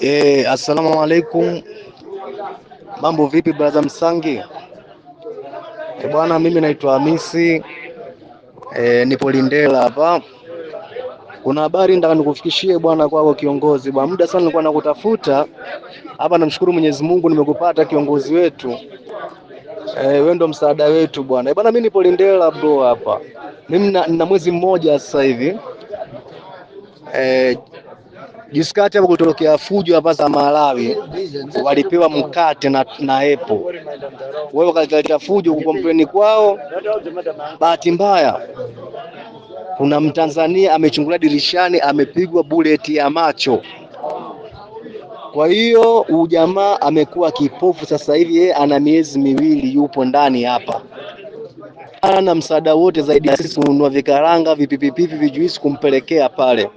Eh, assalamu alaikum. Mambo vipi brother Msangi? Eh, bwana mimi naitwa Hamisi. Eh, nipo Lindela hapa. Kuna habari nataka nikufikishie bwana kwako kiongozi. Bwana muda sana nilikuwa nakutafuta. Hapa namshukuru Mwenyezi Mungu nimekupata kiongozi wetu. Eh, wewe ndo msaada wetu bwana. Eh, bwana mimi nipo Lindela bro hapa. Mimi na, na mwezi mmoja sasa hivi. Eh, Jiskati hapo kulitokea fujo hapa za Malawi, walipewa mkate na, na epo wao wakaleta fujo kukompleni kwao. Bahati mbaya kuna Mtanzania amechungulia dirishani amepigwa buleti ya macho. Kwa hiyo ujamaa amekuwa kipofu sasa hivi, yeye ana miezi miwili yupo ndani hapa, ana msaada wote zaidi ya sisi kununua vikaranga, vipipipipi, vijuisi kumpelekea pale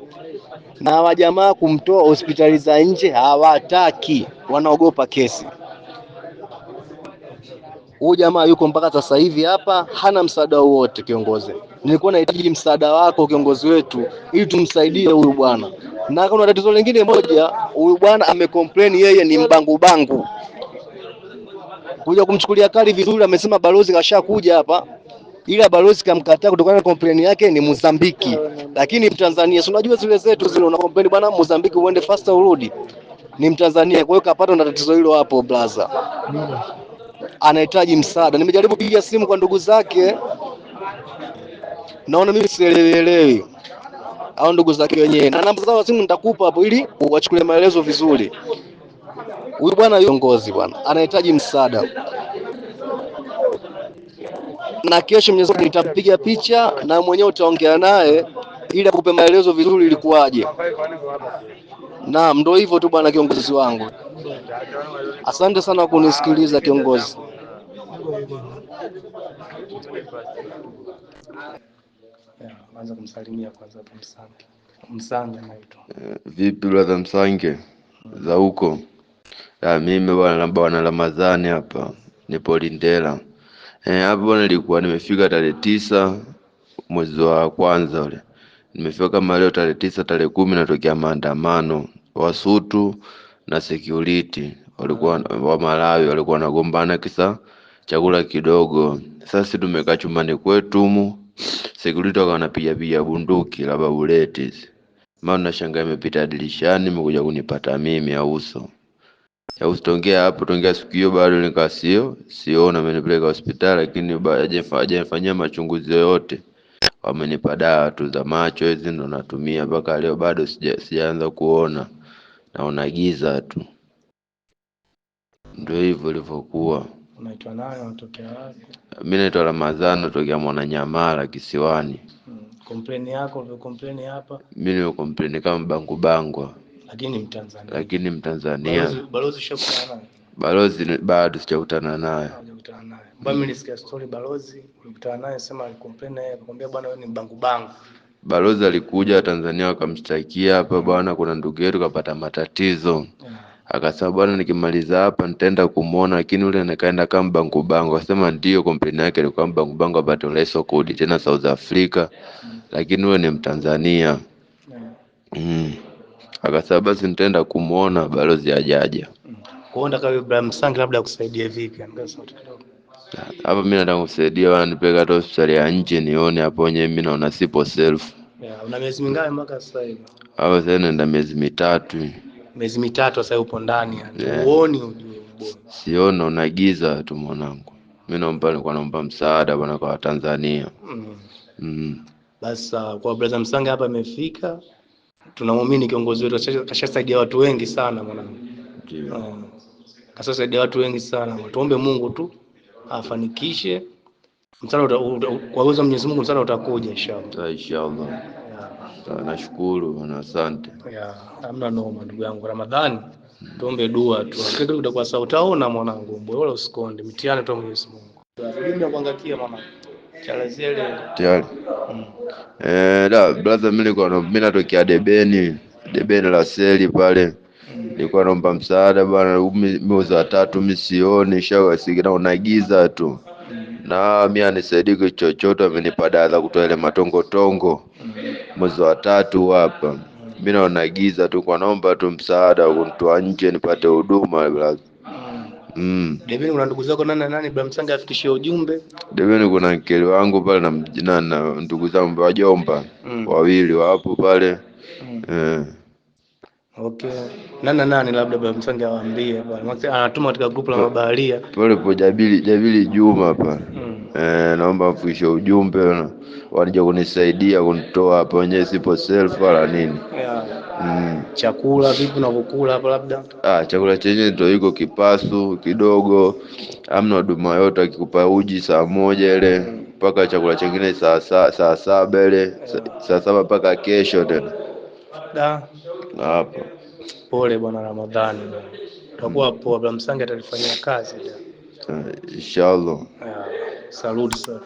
na hawa jamaa kumtoa hospitali za nje hawataki, wanaogopa kesi. Huyu jamaa yuko mpaka sasa hivi hapa, hana msaada wowote. Kiongozi, nilikuwa nahitaji msaada wako, kiongozi wetu, ili tumsaidie huyu bwana. Na kuna tatizo lingine moja, huyu bwana amecomplain, yeye ni mbangubangu. Kuja kumchukulia kali vizuri, amesema balozi kashakuja hapa ila balozi kamkataa kutokana na complain yake ni Mozambiki, lakini Mtanzania si unajua zile zetu zile, una complain bwana Mozambiki uende faster urudi. Ni Mtanzania, kwa hiyo kapata na tatizo hilo hapo brother anahitaji msaada. Nimejaribu kupiga simu kwa ndugu zake, naona mimi sielewi au ndugu zake wenyewe, na namba zao simu nitakupa hapo ili uwachukulie maelezo vizuri. Huyu bwana viongozi bwana anahitaji msaada na kesho Mwenyezi Mungu nitampiga picha na mwenyewe utaongea naye ili akupe maelezo vizuri ilikuwaje. Naam, ndio hivyo tu bwana kiongozi wangu. Asante sana kunisikiliza kiongozi. Eh, vipi brother Msange za huko? Ah, mimi bwana na bwana Ramadhani hapa nipo Lindela. Eh, hapo bwana, nilikuwa nimefika tarehe tisa mwezi wa kwanza ule, nimefika kama leo tarehe tisa tarehe kumi natokea maandamano wasutu na security walikuwa wa Malawi walikuwa wanagombana kisa chakula kidogo. Sasa tumekaa chumbani kwetu mu security wakawa wanapiga piga bunduki la babuleti, maana nashangaa imepita dirishani imekuja kunipata mimi auso ya usitongea hapo tongea siku hiyo bado nika sio siona, amenipeleka hospitali lakini hajafanyia machunguzi yoyote. Wamenipa dawa tu za macho, hizi ndo natumia mpaka leo, bado sijaanza kuona, naona giza tu. Ndio hivyo ilivyokuwa. Unaitwa unatokea wapi? Mimi naitwa Ramadhani natokea Mwananyamala Kisiwani. Complain mm, yako, complain hapa? Mimi kama Bangubangwa lakini Mtanzania, lakini Mtanzania balozi bado sijakutana naye. Balozi alikuja Tanzania wakamshtakia hapa, bwana, kuna ndugu yetu kapata matatizo Akasema bwana, nikimaliza hapa nitaenda kumwona, lakini yule nikaenda kama bangu bangu. Akasema ndio kompleni yake ilikuwa bangu bangu apate urahisi kodi tena South Africa, lakini ule ni Mtanzania yeah. mm akasema basi nitaenda kumwona balozi ajaja. Ibrahim Sangi labda akusaidie vipi? Hapa mimi nataka kusaidia, wananipeleka hata hospitali ya nje nione hapo wenyewe, mimi naona sipo self. Una miezi mingapi mpaka sasa hivi? Hapa sasa nenda miezi mitatu. Miezi mitatu sasa upo ndani, huoni ujue ubora. Siona una giza tu mwanangu. Mimi naomba nilikuwa naomba msaada bwana kwa Tanzania. Mm. Mm. Basi kwa brother Msanga hapa amefika tunamwamini kiongozi wetu, kashasaidia watu wengi sana mwanangu, um, kashasaidia watu wengi sana. Tuombe Mungu tu afanikishe, msaada kwa uwezo wa Mwenyezi Mungu, msala utakuja inshallah, inshallah. Nashukuru na asante. Hamna noma ndugu yangu Ramadhani, tuombe dua tu, utakuwa sawa, utaona mwanangu, wala usikonde, mtihani tu Mwenyezi Mungu. Mimi nakuangalia mama, tayari Eh, la brother, mimi nilikuwa na mimi natokea debeni debeni la seli pale, mm. nilikuwa naomba msaada bwana. Mwezi wa tatu mimi sioni shawasikia unagiza tu mm. na mimi anisaidiki chochote, amenipa dadha kutoa ile matongotongo mm. mwezi wa tatu hapa, mimi naona giza tu, kwa naomba tu msaada kunitoa nje nipate huduma brother. Mm. Debeni kuna ndugu zako nani nani Ibrahim Sanga afikishie ujumbe. Debeni kuna mkeli wangu pale na na ndugu zangu wajomba mm. wawili wapo pale. Mm. Eh. Okay. Nani nani labda Ibrahim Sanga awaambie pale. Anatuma katika grupu la mabaharia. Pale po Jabili Jabili Juma pale. Mm. Eh, naomba mfikishe ujumbe walija kunisaidia kunitoa hapa wenyewe, sipo self wala nini yeah. Mm. Chakula vipi unavyokula hapa labda? Ah, chakula chenyewe ndio iko kipasu kidogo, amna huduma yote, akikupa uji saa moja ile mpaka mm. chakula chingine saa saa, saa saba ile saa saba mpaka kesho tena da hapo. Pole bwana Ramadhani, utakuwa mm. poa, Msange atalifanyia kazi eh, inshallah yeah. saúde